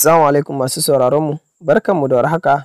Assalamu alaikum masu sauraronmu, barkanmu da warhaka,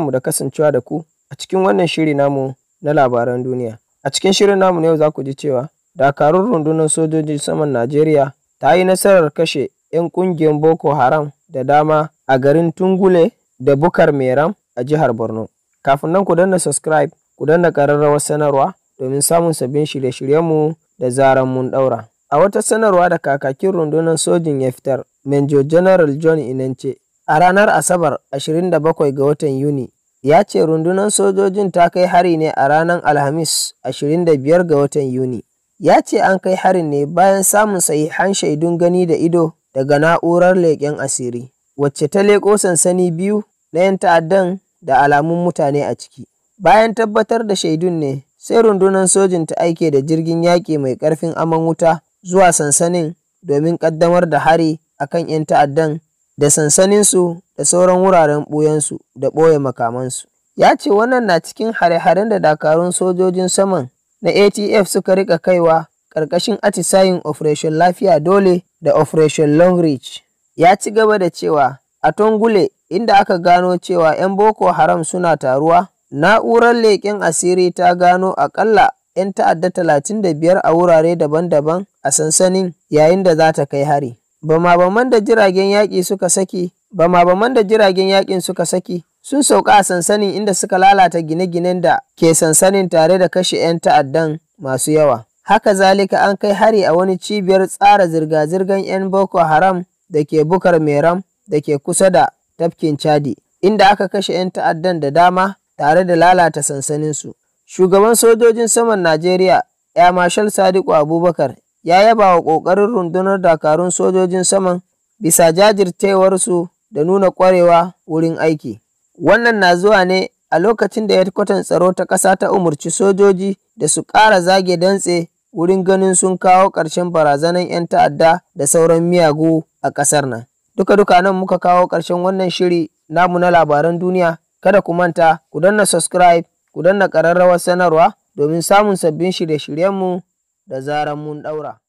mu da kasancewa da ku a cikin wannan shiri namu na labaran duniya. A cikin shirin namu yau za ku ji cewa dakarun rundunar sojoji saman Najeriya ta yi nasarar kashe 'yan kungiyar Boko Haram da dama a garin Tungule da Bukar Meram a jihar Borno. Kafin nan ku danna subscribe, ku danna ƙararrawar sanarwa domin samun sabbin shirye-shiryenmu da zaran mun ɗaura. A wata sanarwa da kakakin rundunar sojin ya fitar, Major General John Inance, a ranar Asabar, 27 ga watan Yuni, ya ce rundunar sojojin ta kai hari ne a ranar Alhamis, 25 ga watan Yuni. Ya ce an kai harin ne bayan samun sahihan shaidun gani da ido daga na'urar leƙen asiri, wacce ta leƙo sansani biyu na 'yan ta'addan da alamun mutane a ciki. Bayan tabbatar da shaidun ne, sai rundunar sojin ta aike da jirgin yaƙi mai ƙarfin aman wuta zuwa sansanin domin ƙaddamar da hari a kan ‘yan ta'addan da sansaninsu da sauran wuraren ɓuyansu da ɓoye makamansu. Ya ce wannan na cikin hare-haren da dakarun sojojin saman na ATF suka rika kaiwa ƙarƙashin atisayin Operation Lafiya Dole da Operation Long Reach. Ya ci gaba da cewa a Tongule inda aka gano cewa ‘yan Boko Haram suna taruwa, na'urar leƙen asiri ta gano aƙalla 'yan ta'adda 35 a wurare daban-daban a sansanin yayin da za ta kai hari. Bama-baman da jiragen yaƙi suka saki Bama-baman da jiragen yaƙin suka saki sun sauka a sansanin inda suka lalata gine-ginen da ke sansanin tare da kashe 'yan ta'addan masu yawa. Haka zalika an kai hari a wani cibiyar tsara zirga zirgan 'yan Boko Haram da ke Bukar Meram da ke kusa da tafkin Chadi, inda aka kashe 'yan ta'addan da dama tare da lalata sansaninsu. Shugaban sojojin saman Najeriya, Ya Marshal Sadiku Abubakar, ya yaba wa ƙoƙarin rundunar dakarun sojojin saman bisa jajircewarsu da nuna ƙwarewa wurin aiki. Wannan na zuwa ne a lokacin da headquarters tsaro ta ƙasa ta umarci sojoji da su ƙara zage dantse wurin ganin sun kawo ƙarshen barazanan 'yan ta'adda da sauran miyagu a ƙasar nan. Duka-duka nan muka kawo ƙarshen wannan shiri namu na labaran duniya. Kada ku manta, ku danna subscribe ku danna ƙararrawar sanarwa domin samun sabbin shirye-shiryenmu da zaran mun ɗaura.